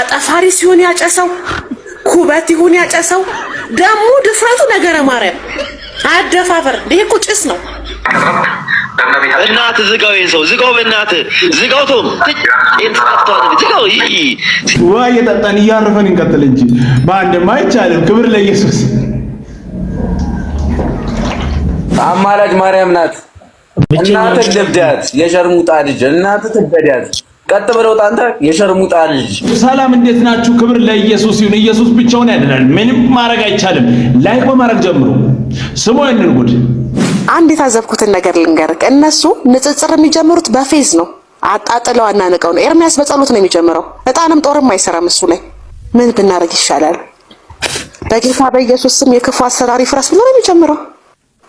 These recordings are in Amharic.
አጠፋሪ ሲሆን ያጨሰው ኩበት ይሁን ያጨሰው። ደግሞ ድፍረቱ ነገረ ማርያም አደፋፈር ይሄ እኮ ጭስ ነው። እናት ዝጋው፣ ይሄን ሰው ዝጋው፣ በእናት ዝጋው። ቶም ዝጋው። ውሃ እየጠጣን እያረፈን እንቀጥል እንጂ በአንድማ አይቻልም። ክብር ለኢየሱስ። አማላጅ ማርያም ናት። እናት ልብዳት፣ የሸርሙጣ ልጅ እናት ትበዳት። ቀጥ ብለው ጣንተ የሸርሙጣ ልጅ። ሰላም እንዴት ናችሁ? ክብር ለኢየሱስ ይሁን። ኢየሱስ ብቻውን ያድናል። ምንም ማድረግ አይቻልም። ላይክ በማድረግ ጀምሩ። ስሙ ያንን ጉድ። አንድ የታዘብኩትን ነገር ልንገርክ። እነሱ ንጽጽር የሚጀምሩት በፌዝ ነው። አጣጥለው አናንቀው ነው። ኤርሚያስ በጸሎት ነው የሚጀምረው። እጣንም ጦርም አይሰራም እሱ ላይ። ምን ብናደርግ ይሻላል? በጌታ በኢየሱስ ስም የክፉ አሰራር ይፍረስ ብሎ ነው የሚጀምረው።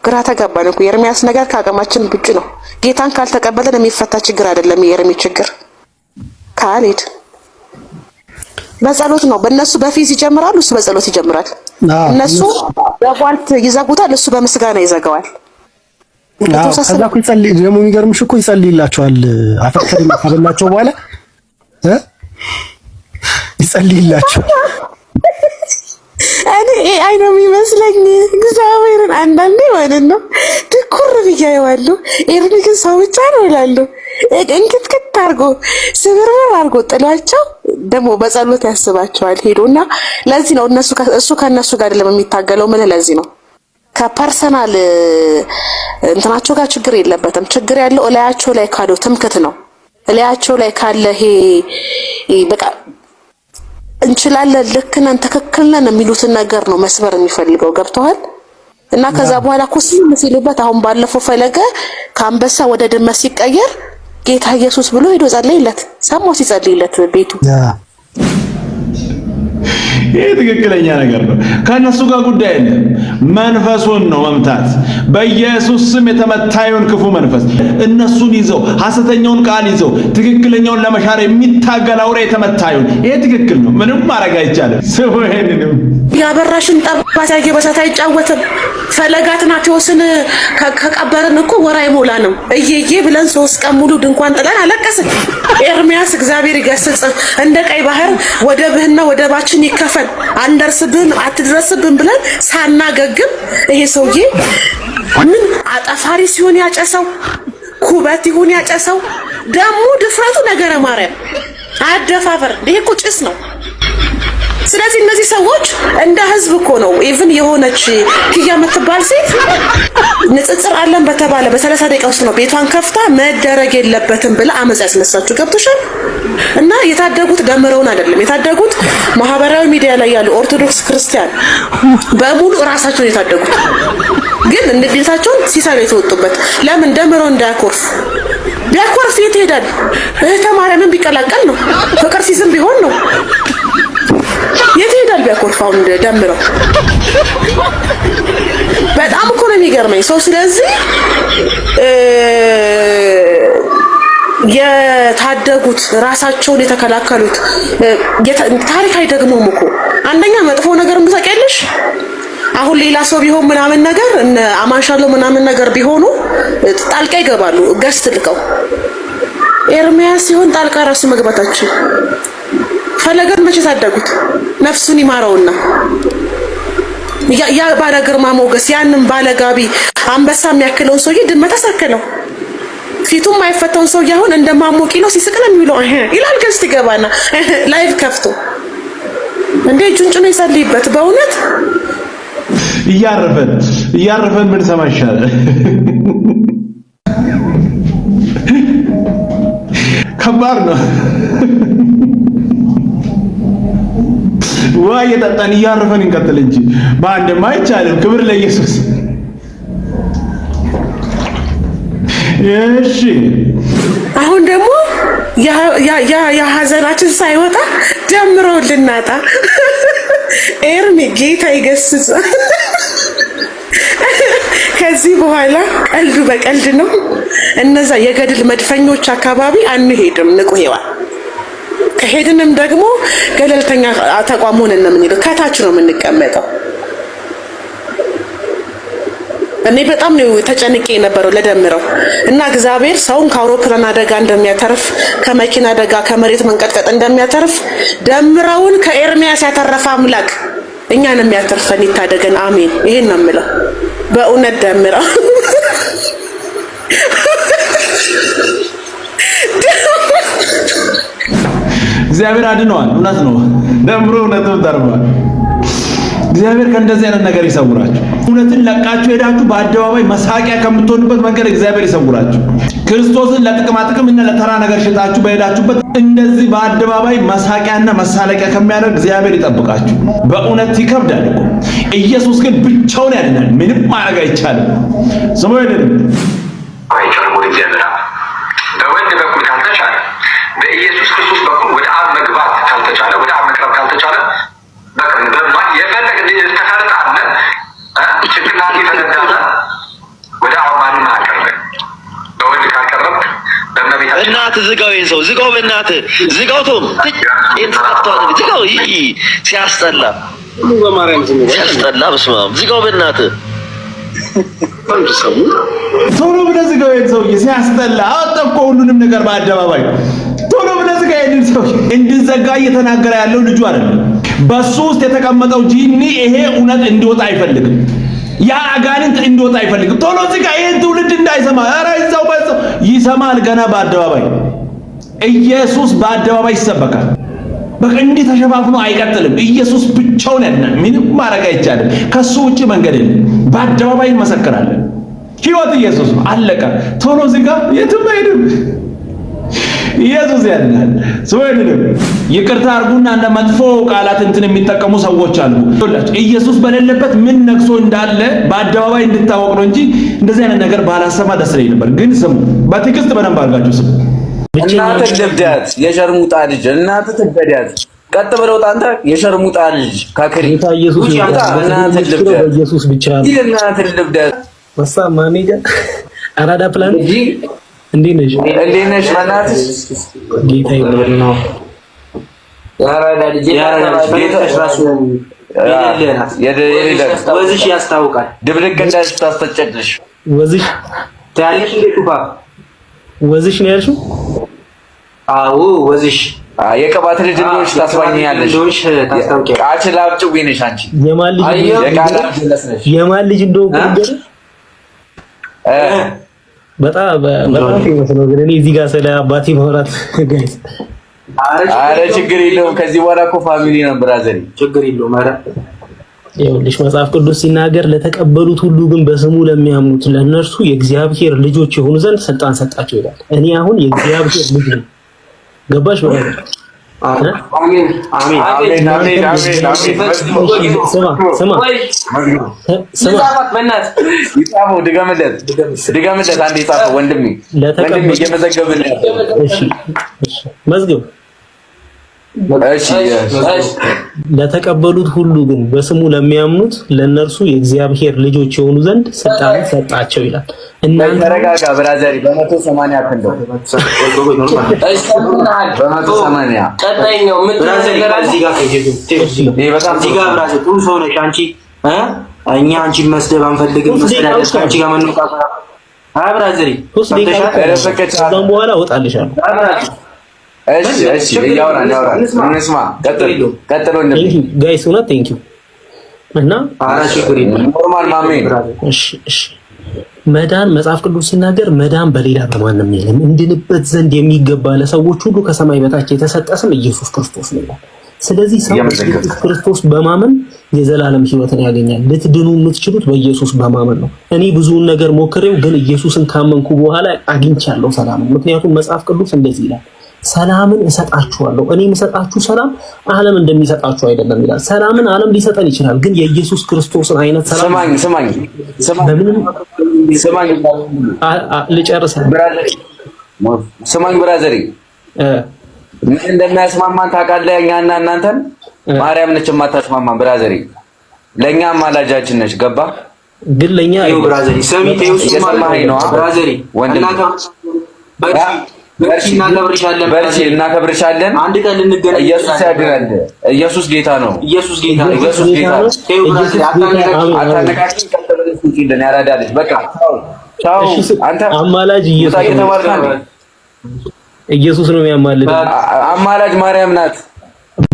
ግራ ተጋባን እኮ የኤርሚያስ ነገር ከአቅማችን ውጭ ነው። ጌታን ካልተቀበለን የሚፈታ ችግር አይደለም የኤርሚ ችግር ካሌድ በጸሎት ነው። በእነሱ በፊዝ ይጀምራል እሱ በጸሎት ይጀምራል። እነሱ በቧልት ይዘጉታል፣ እሱ በምስጋና ይዘጋዋል። ከዛ እኮ ይጸልይ ደግሞ የሚገርምሽ እኮ ይጸልይላቸዋል። አፈር ካበላቸው በኋላ ይጸልይላቸዋል እኔ ኤአይ ነው የሚመስለኝ እግዚአብሔርን አንዳንዴ ማለት ነው ትኩር ብዬ አየዋለሁ። ኤርሚ ግን ሰው ብቻ ነው ይላሉ። እንክትክት አድርጎ ስብርብር አድርጎ ጥሏቸው ደግሞ በጸሎት ያስባቸዋል ሄዶ እና ለዚህ ነው እነሱ እሱ ከእነሱ ጋር አይደለም የሚታገለው ምልህ ለዚህ ነው ከፐርሰናል እንትናቸው ጋር ችግር የለበትም። ችግር ያለው እላያቸው ላይ ካለው ትምክት ነው እላያቸው ላይ ካለ ይሄ በቃ እንችላለን፣ ልክ ነን፣ ትክክል ነን የሚሉትን ነገር ነው መስበር የሚፈልገው ገብተዋል። እና ከዛ በኋላ ኩስ ሲሉበት አሁን ባለፈው ፈለገ ከአንበሳ ወደ ድመት ሲቀየር ጌታ ኢየሱስ ብሎ ሄዶ ጸለይለት፣ ሰማው ሲጸልይለት ቤቱ ይህ ትክክለኛ ነገር ነው። ከእነሱ ጋር ጉዳይ የለም። መንፈሱን ነው መምታት። በኢየሱስ ስም የተመታየውን ክፉ መንፈስ እነሱን ይዘው ሐሰተኛውን ቃል ይዘው ትክክለኛውን ለመሻር የሚታገል አውሬ የተመታየውን ይህ ትክክል ነው። ምንም ማድረግ አይቻልም። ስሙ ይሄንንም ያበራሽን ጣባ ሳይጫወትም ፈለጋትና ቴዎስን ከቀበርን እኮ ወራ የሞላ ነው። እየዬ ብለን ሶስት ቀን ሙሉ ድንኳን ጥለን አለቀስን። ኤርሚያስ እግዚአብሔር ይገስጽ፣ እንደ ቀይ ባህር ወደብህና ወደባችን ይከፈል፣ አንደርስብን አትድረስብን ብለን ሳናገግም ይሄ ሰውዬ ምን አጠፋሪ ሲሆን ያጨሰው ኩበት ይሁን ያጨሰው ደግሞ ድፍረቱ ነገረ ማርያም አደፋፈር ይሄ እኮ ጭስ ነው። ስለዚህ እነዚህ ሰዎች እንደ ህዝብ እኮ ነው ኢቭን የሆነች ክያ የምትባል ሴት ንጽጽር አለን በተባለ በሰላሳ ደቂቃ ውስጥ ነው ቤቷን ከፍታ መደረግ የለበትም ብላ አመፅ ያስነሳችሁ። ገብቶሻል? እና የታደጉት ደምረውን አይደለም የታደጉት ማህበራዊ ሚዲያ ላይ ያሉ ኦርቶዶክስ ክርስቲያን በሙሉ እራሳቸውን የታደጉት ግን እንድቤታቸውን ሲሳይ የተወጡበት ለምን ደምረው እንዳያኮርፍ ቢያኮርፍ የት ይሄዳል? እህተ ማርያምን ቢቀላቀል ነው ፍቅር ሲዝም ቢሆን ነው የት ይሄዳል? እንደ ደምረው በጣም እኮ ነው የሚገርመኝ ሰው። ስለዚህ የታደጉት ራሳቸውን የተከላከሉት ታሪክ አይደግሞም እኮ አንደኛ መጥፎ ነገር ምታውቂያለሽ። አሁን ሌላ ሰው ቢሆን ምናምን ነገር እነ አማንሻለው ምናምን ነገር ቢሆኑ ጣልቃ ይገባሉ። ገስት ልቀው ኤርሚያስ ሲሆን ጣልቃ ራሱ መግባታችን ፈለገን መቼ ታደጉት? ነፍሱን ይማረውና ያ ባለ ግርማ ሞገስ ያንን ባለ ጋቢ አንበሳ የሚያክለውን ሰውዬ ድመት አሳከለው። ፊቱም የማይፈታውን ሰውዬ አሁን እንደማሞቂ ነው ሲስቅ ነው የሚውለው ይላል። ገዝት ይገባና ላይቭ ከፍቶ እንዴ እጁን ጭኖ ይሰልይበት በእውነት እያረፈን እያረፈን ምን ሰማ ይሻላል። ከባድ ነው። ውሃ እየጠጣን እያረፈን እንቀጥል እንጂ በአንድማ አይቻልም። ክብር ለኢየሱስ። እሺ አሁን ደግሞ የሀዘናችን ሳይወጣ ጀምሮ ልናጣ ኤርሚ ጌታ ይገስጽ። ከዚህ በኋላ ቀልዱ በቀልድ ነው። እነዛ የገድል መድፈኞች አካባቢ አንሄድም። ንቁ ሄዋል ከሄድንም ደግሞ ገለልተኛ ተቋም ሆነን ነው የምንሄደው። ከታች ነው የምንቀመጠው። እኔ በጣም ነው ተጨንቄ የነበረው ለደምረው እና እግዚአብሔር ሰውን ከአውሮፕላን አደጋ እንደሚያተርፍ ከመኪና አደጋ ከመሬት መንቀጥቀጥ እንደሚያተርፍ ደምረውን ከኤርሚያስ ያተረፈ አምላክ እኛን የሚያተርፈን ይታደገን። አሜን። ይሄን ነው የምለው በእውነት ደምረው እግዚአብሔር አድኗል። እውነት ነው። ደምሮ እውነትም ተርፏል። እግዚአብሔር ከእንደዚህ አይነት ነገር ይሰውራችሁ። እውነትን ለቃችሁ ሄዳችሁ በአደባባይ መሳቂያ ከምትሆኑበት መንገድ እግዚአብሔር ይሰውራችሁ። ክርስቶስን ለጥቅማ ጥቅም እና ለተራ ነገር ሽጣችሁ በሄዳችሁበት እንደዚህ በአደባባይ መሳቂያና መሳለቂያ ከሚያደርግ እግዚአብሔር ይጠብቃችሁ። በእውነት ይከብዳል እኮ ኢየሱስ ግን ብቻውን ያድናል። ምንም ማድረግ አይቻልም። ስሙ እግዚአብሔር በእናትህ ዝጋው፣ ይሄን ሰው ዝጋው፣ በእናት ዝጋው። ቶም ዝጋው። ይሄ ሲያስጠላ ሲያስጠላ፣ በስመ አብ ዝጋው፣ በእናትህ ቶሎ ብለህ ዝጋው። ይሄን ሰውዬ ሲያስጠላ፣ አወጣሁ እኮ ሁሉንም ነገር በአደባባይ። ቶሎ ብለህ ዝጋ ይሄን ሰው እንድዘጋ እየተናገረ ያለው ልጁ አይደለም፣ በሱ ውስጥ የተቀመጠው ጂኒ ይሄ እውነት እንዲወጣ አይፈልግም። ያ አጋንንት እንዲወጣ አይፈልግም። ቶሎ ዝጋ ይሄን ትውልድ እንዳይሰማ። ኧረ ይዘው ይሰማል ገና በአደባባይ ኢየሱስ በአደባባይ ይሰበካል። በቃ እንዲህ ተሸፋፍኖ አይቀጥልም። ኢየሱስ ብቻውን ያድናል። ምንም ማድረግ አይቻልም። ከሱ ውጪ መንገድ የለም። በአደባባይ እንመሰክራለን። ህይወት ኢየሱስ አለቀ። ቶሎ ዝጋ፣ የትም አይሄድም። ኢየሱስ ያድናል። ስወድንም ይቅርታ አርጉና እንደ መጥፎ ቃላት እንትን የሚጠቀሙ ሰዎች አሉ። ኢየሱስ በሌለበት ምን ነግሶ እንዳለ በአደባባይ እንድታወቅ ነው እንጂ እንደዚህ አይነት ነገር ባላሰማ ደስ ይለኝ ነበር። ግን ስሙ፣ በትዕግስት በደንብ አድርጋችሁ ስሙ። እናትህ ልብዳት የሸርሙጣ ልጅ እናትህ ትበዳት። ቀጥ ብለው አንተ የሸርሙጣ ልጅ ካክሪ ኢየሱስ ያምጣ እናትህ ኢየሱስ ብቻ ነው። እናትህ ልብዳት ወሳ ማኔጃ አራዳ ፕላን እንዴት ነሽ? እንዴት ነሽ? በእናትሽ ጌታ ይብር ነው አራዳ ልጅ የአራዳ ልጅ ጌታሽ ራሱ ወዝሽ ያስታውቃል። ድብልቅ እንዳልሽ ታስተጨድሽ ወዝሽ ታያለሽ። እንዴት ኩባ ወዝሽ ነው ያልሽው? አዎ ወዚሽ የቅባት ልጅ እንደሆንሽ ታስባኛለሽ። ቃች ላብጭ ነሽ አንቺ። የማን ልጅ እንደሆንኩ በጣም በጣም ፌመስ ነው። ግን እኔ እዚህ ጋር ስለ አባቴ ማውራት ጋይስ፣ አረ ችግር የለውም። ከዚህ በኋላ እኮ ፋሚሊ ነው ብራዘሪ፣ ችግር የለውም። አረ ይኸውልሽ መጽሐፍ ቅዱስ ሲናገር ለተቀበሉት ሁሉ ግን በስሙ ለሚያምኑት ለእነርሱ የእግዚአብሔር ልጆች የሆኑ ዘንድ ስልጣን ሰጣቸው ይላል። እኔ አሁን የእግዚአብሔር ልጅ ነው ገባሽ? ድገምለት አንዴ ጻፈው ወንድሜ፣ ወንድሜ መዝግብ ለተቀበሉት ሁሉ ግን በስሙ ለሚያምኑት ለእነርሱ የእግዚአብሔር ልጆች የሆኑ ዘንድ ስልጣን ሰጣቸው ይላል። እናንተ ተረጋጋ ብራዘሪ። በመቶ ሰማንያ ጥሩ ሰው ነሽ አንቺ። መስደብ አንፈልግም። መስደዳለሽ ጋር መነቃቃት። ብራዘሪ፣ በኋላ እወጣልሻለሁ ጋይስ እውነት ቴንክ ዩ እና መዳን መጽሐፍ ቅዱስ ሲናገር መዳን በሌላ በማንም የለም፣ እንድንበት ዘንድ የሚገባ ለሰዎች ሁሉ ከሰማይ በታች የተሰጠ ስም ኢየሱስ ክርስቶስ ነው። ስለዚህ ሰው ኢየሱስ ክርስቶስ በማመን የዘላለም ሕይወትን ያገኛል። ልትድኑ የምትችሉት በኢየሱስ በማመን ነው። እኔ ብዙውን ነገር ሞክሬው፣ ግን ኢየሱስን ካመንኩ በኋላ አግኝቻለሁ ሰላም። ምክንያቱም መጽሐፍ ቅዱስ እንደዚህ ይላል ሰላምን እሰጣችኋለሁ። እኔ የምሰጣችሁ ሰላም ዓለም እንደሚሰጣችሁ አይደለም ይላል። ሰላምን ዓለም ሊሰጠን ይችላል፣ ግን የኢየሱስ ክርስቶስን አይነት ሰላም ስማኝ ስማኝ ስማኝ ልጨርስ ስማኝ ብራዘሪ ምን እንደሚያስማማን ታውቃለህ? እኛና እናንተን ማርያም ነች የማታስማማን ብራዘሪ። ለእኛ አማላጃችን ነች። ገባ ግን ለእኛ ብራዘሪ ሰሚቴ ውስጥ ነው ብራዘሪ ወንድ በርቺ፣ እናከብርሻለን። አንድ ቀን ኢየሱስ ያድናል። ኢየሱስ ጌታ ነው። ኢየሱስ ጌታ ነው። ኢየሱስ ጌታ ነው። በቃ ቻው። አንተ አማላጅ ኢየሱስ ነው የሚያማልድ። አማላጅ ማርያም ናት።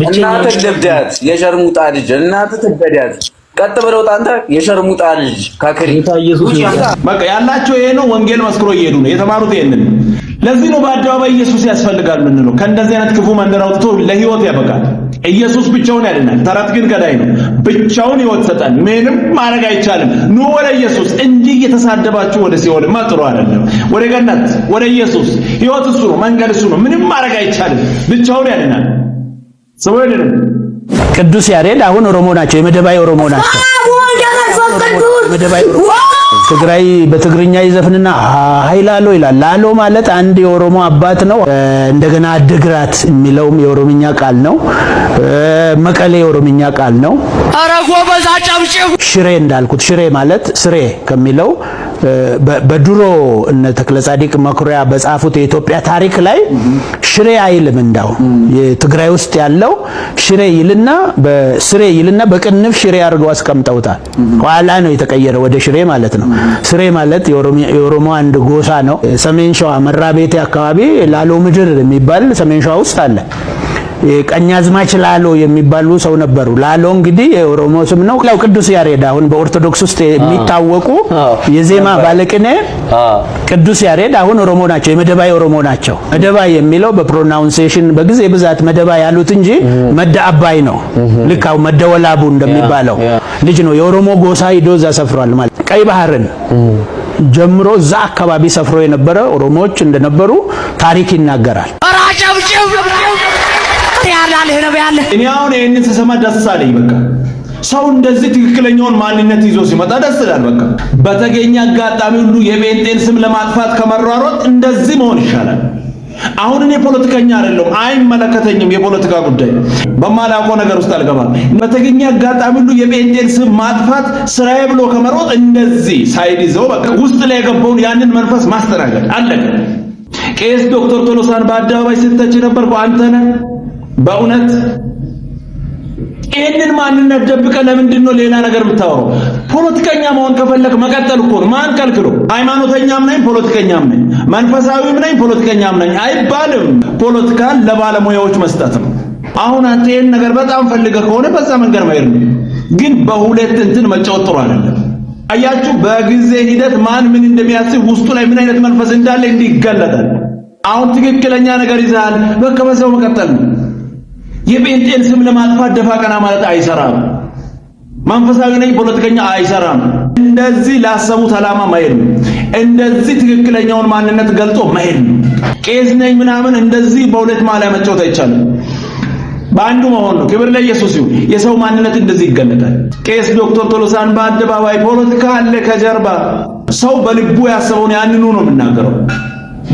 እናት ልብዳት፣ የሸርሙጣ ልጅ እናት ትበዳት። ቀጥ ብለው ጣንተ የሸርሙጣ ልጅ ካክሪ ኢየሱስ በቃ ያላቸው ይሄ ነው። ወንጌል መስክሮ እየሄዱ ነው የተማሩት ይሄንን ለዚህ ነው በአደባባይ ኢየሱስ ያስፈልጋል የምንለው። ከእንደዚህ አይነት ክፉ መንደር አውጥቶ ለህይወት ያበቃል። ኢየሱስ ብቻውን ያድናል። ተረት ግን ገዳይ ነው። ብቻውን ህይወት ሰጠን። ምንም ማድረግ አይቻልም። ኑ ወደ ኢየሱስ እንጂ እየተሳደባችሁ ወደ ሲኦልማ ጥሩ አይደለም። ወደ ገነት፣ ወደ ኢየሱስ። ህይወት እሱ ነው፣ መንገድ እሱ ነው። ምንም ማድረግ አይቻልም። ብቻውን ያድናል። ሰው አይደለም። ቅዱስ ያሬድ አሁን ኦሮሞ ናቸው፣ የመደባይ ኦሮሞ ናቸው። ትግራይ በትግርኛ ይዘፍንና ሀይላሎ ይላል። ላሎ ማለት አንድ የኦሮሞ አባት ነው። እንደገና ድግራት የሚለውም የኦሮምኛ ቃል ነው። መቀሌ የኦሮምኛ ቃል ነው። ኧረ ጎበዝ አጨብጭብ። ሽሬ እንዳልኩት ሽሬ ማለት ስሬ ከሚለው በድሮ እነ ጻዲቅ መኩሪያ በጻፉት የኢትዮጵያ ታሪክ ላይ ሽሬ አይልም። እንዳው የትግራይ ውስጥ ያለው ሽሬ ይልና በስሬ ይልና በቅንፍ ሽሬ አድርገው አስቀምጠውታል። ኋላ ነው የተቀየረ ወደ ሽሬ ማለት ነው። ስሬ ማለት የኦሮሞ አንድ ጎሳ ነው። ሰሜን ሸዋ መራቤቴ አካባቢ ላሎ ምድር የሚባል ሰሜን ሸዋ ውስጥ አለ። ቀኛዝማች ላሎ የሚባሉ ሰው ነበሩ። ላሎ እንግዲህ የኦሮሞ ስም ነው። ያው ቅዱስ ያሬድ አሁን በኦርቶዶክስ ውስጥ የሚታወቁ የዜማ ባለቅኔ ቅዱስ ያሬድ አሁን ኦሮሞ ናቸው፣ የመደባይ ኦሮሞ ናቸው። መደባይ የሚለው በፕሮናውንሴሽን በጊዜ ብዛት መደባይ ያሉት እንጂ መደ አባይ ነው። ልክ አሁን መደወላቡ እንደሚባለው ልጅ ነው። የኦሮሞ ጎሳ ሂዶ እዛ ሰፍሯል ማለት ቀይ ባህርን ጀምሮ እዛ አካባቢ ሰፍሮ የነበረ ኦሮሞዎች እንደነበሩ ታሪክ ይናገራል። ነው ያላል። ነው ያለ። እኔ አሁን ይሄንን ስሰማ ደስ አለኝ። በቃ ሰው እንደዚህ ትክክለኛውን ማንነት ይዞ ሲመጣ ደስ ይላል። በቃ በተገኘ አጋጣሚ ሁሉ የጴንጤን ስም ለማጥፋት ከመሯሯጥ እንደዚህ መሆን ይሻላል። አሁን እኔ ፖለቲከኛ አይደለሁም፣ አይመለከተኝም። የፖለቲካ ጉዳይ በማላውቀው ነገር ውስጥ አልገባም። በተገኘ አጋጣሚ ሁሉ የጴንጤን ስም ማጥፋት ስራዬ ብሎ ከመሮጥ እንደዚህ ሳይድ ይዘው በቃ ውስጥ ላይ የገባውን ያንን መንፈስ ማስተናገድ አለቀ። ቄስ ዶክተር ቶሎሳን በአደባባይ ስትተች የነበርከው አንተ ነህ። በእውነት ይህንን ማንነት ደብቀ ለምንድን ነው ሌላ ነገር የምታወራው? ፖለቲከኛ መሆን ከፈለክ መቀጠል እኮ ነው። ማን ከልክሎ? ሃይማኖተኛም ነኝ ፖለቲከኛም ነኝ መንፈሳዊም ነኝ ፖለቲከኛም ነኝ አይባልም። ፖለቲካን ለባለሙያዎች መስጠት ነው። አሁን አንተ ይህን ነገር በጣም ፈልገ ከሆነ በዛ መንገድ መሄድ ነው። ግን በሁለት እንትን መጫወት ጥሩ አይደለም። አያችሁ፣ በጊዜ ሂደት ማን ምን እንደሚያስብ ውስጡ ላይ ምን አይነት መንፈስ እንዳለ እንዲህ ይገለጣል። አሁን ትክክለኛ ነገር ይዛል በቃ በዛው መቀጠል ነው። የጴንጤን ስም ለማጥፋት ደፋ ቀና ማለት አይሰራም። መንፈሳዊ ነኝ ፖለቲከኛ አይሰራም። እንደዚህ ላሰቡት ዓላማ መሄድ ነው። እንደዚህ ትክክለኛውን ማንነት ገልጦ መሄድ ነው። ቄስ ነኝ ምናምን እንደዚህ በሁለት ማሊያ መጫወት አይቻልም። በአንዱ መሆን ነው። ክብር ለኢየሱስ ይሁን። የሰው ማንነት እንደዚህ ይገለጣል። ቄስ ዶክተር ቶሎሳን በአደባባይ ፖለቲካ አለ ከጀርባ። ሰው በልቡ ያሰበውን ያንኑ ነው የምናገረው።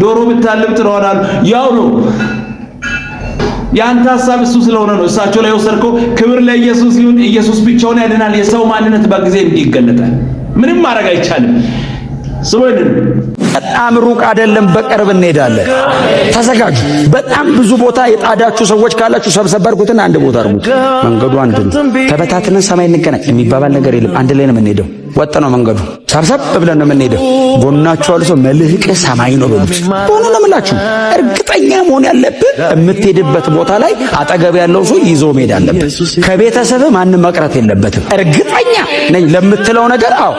ዶሮ ብታልብ ጥረዋል ያው ነው። የአንተ ሐሳብ እሱ ስለሆነ ነው እሳቸው ላይ ወሰድከው። ክብር ለኢየሱስ ይሁን። ኢየሱስ ብቻውን ያድናል። የሰው ማንነት በጊዜ ይገለጣል ምንም ማድረግ አይቻልም። ስሙ በጣም ሩቅ አይደለም፣ በቅርብ እንሄዳለን። ተዘጋጁ። በጣም ብዙ ቦታ የጣዳችሁ ሰዎች ካላችሁ ሰብሰብ አድርጉትና አንድ ቦታ አድርጉት። መንገዱ አንድ ነው። ተበታትነን ሰማይ እንገናኝ የሚባባል ነገር የለም። አንድ ላይ ነው የምንሄደው። ወጥ ነው መንገዱ። ሰብሰብ ብለን ነው የምንሄደው። ጎናችሁ ያሉ ሰው መልህቅ ሰማይ ነው በሉት። ሆኖ ነው የምላችሁ። እርግጠኛ መሆን ያለብን የምትሄድበት ቦታ ላይ አጠገብ ያለው ሰው ይዞ መሄድ አለብን። ከቤተሰብ ማንም መቅረት የለበትም። እርግጠኛ ነኝ ለምትለው ነገር አዎ፣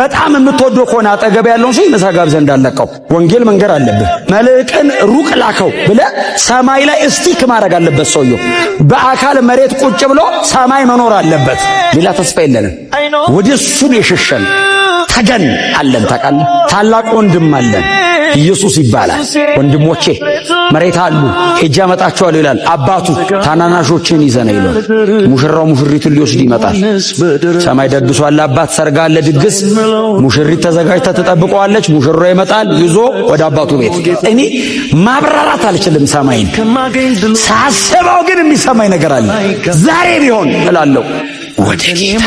በጣም የምትወደው ከሆነ አጠገብ ያለውን ሰው ይመሳጋብ ዘንድ የምትጠለቀው። ወንጌል መንገር አለብህ። መልእክን ሩቅ ላከው ብለ ሰማይ ላይ እስቲክ ማድረግ አለበት ሰውየው። በአካል መሬት ቁጭ ብሎ ሰማይ መኖር አለበት። ሌላ ተስፋ የለንም። ወደ እሱን የሸሸን ተገን አለን። ታውቃለህ፣ ታላቅ ወንድም አለን። ኢየሱስ ይባላል። ወንድሞቼ መሬት አሉ ሄጄ አመጣቸዋለሁ ይላል አባቱ። ታናናሾችን ይዘነ ይላል። ሙሽራው ሙሽሪቱን ሊወስድ ይመጣል። ሰማይ ደግሷል። አባት ሰርግ አለ፣ ድግስ። ሙሽሪት ተዘጋጅታ ትጠብቀዋለች። ሙሽራ ይመጣል ይዞ ወደ አባቱ ቤት። እኔ ማብራራት አልችልም ሰማይን። ሳስበው ግን የሚሰማኝ ነገር አለ። ዛሬ ቢሆን እላለሁ ወደ ጌታ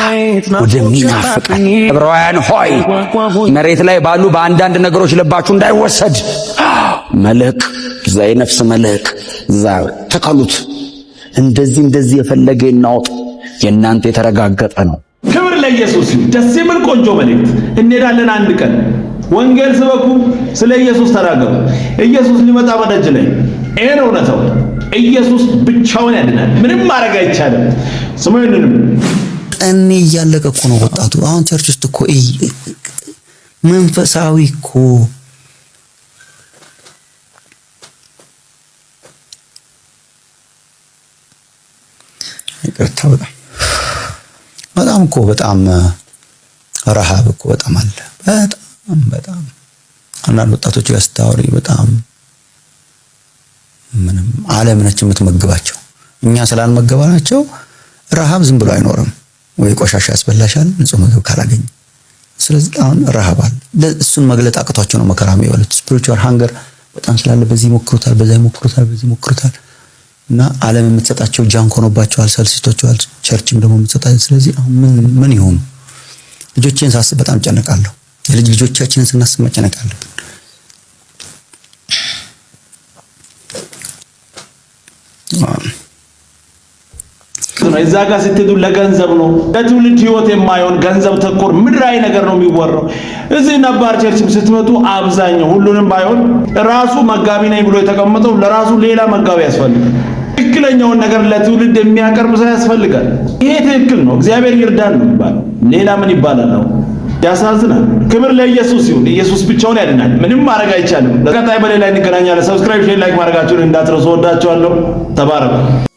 ወደሚናፍቀን ዕብራውያን ሆይ መሬት ላይ ባሉ በአንዳንድ ነገሮች ልባችሁ እንዳይወሰድ መልሕቅ እዛ የነፍስ መልሕቅ እዛ ተከሉት። እንደዚህ እንደዚህ የፈለገ እናውጥ። የእናንተ የተረጋገጠ ነው። ክብር ለኢየሱስ። ደስ የሚል ቆንጆ መልእክት። እንሄዳለን አንድ ቀን ወንጌል ስበኩ፣ ስለ ኢየሱስ ተናገሩ። ኢየሱስ ሊመጣ በደጅ ላይ። ይሄ ነው ኢየሱስ ብቻውን ያድናል። ምንም ማድረግ አይቻልም። ስሙ ጠኔ እያለቀ እኮ ነው ወጣቱ። አሁን ቸርች ውስጥ እኮ መንፈሳዊ እኮ ይቅርታ፣ በጣም በጣም እኮ በጣም ረሃብ እኮ በጣም አለ። በጣም በጣም አንዳንድ ወጣቶች ጋር ስታወሪ በጣም ምንም ዓለም ነች የምትመግባቸው። እኛ ስላልመገባናቸው ረሃብ ዝም ብሎ አይኖርም። ወይ ቆሻሻ ያስበላሻል ንጹህ ምግብ ካላገኘ። ስለዚህ አሁን ረሃባል እሱን መግለጥ አቅቷቸው ነው መከራ የሚበሉት። ስፒሪቹዋል ሃንገር በጣም ስላለ በዚህ ይሞክሩታል፣ በዛ ይሞክሩታል፣ በዚህ ይሞክሩታል እና ዓለም የምትሰጣቸው ጃንክ ሆኖባቸዋል፣ ሰልስቶቸዋል። ቸርችም ደግሞ የምትሰጣቸው ስለዚህ አሁን ምን ምን ይሆኑ? ልጆቼን ሳስብ በጣም ጨነቃለሁ። የልጅ ልጆቻችንን ስናስብ መጨነቃለሁ። ነው። እዛ ጋር ስትሄዱ ለገንዘብ ነው፣ ለትውልድ ህይወት የማይሆን ገንዘብ ተኮር ምድራዊ ነገር ነው የሚወራው። እዚህ ነባር ቸርችም ስትመጡ አብዛኛው ሁሉንም ባይሆን ራሱ መጋቢ ነኝ ብሎ የተቀመጠው ለራሱ ሌላ መጋቢ ያስፈልጋል። ትክክለኛውን ነገር ለትውልድ የሚያቀርብ ሰው ያስፈልጋል። ይሄ ትክክል ነው። እግዚአብሔር ይርዳን ነው የሚባለው። ሌላ ምን ይባላል? ነው ያሳዝናል። ክብር ለኢየሱስ ይሁን። ኢየሱስ ብቻውን ያድናል። ምንም ማድረግ አይቻልም። ለቀጣይ በሌላ እንገናኛለን። ሰብስክራይብ፣ ሼር፣ ላይክ ማድረጋችሁን እንዳትረሱ። ወዳችኋለሁ። ተባረኩ።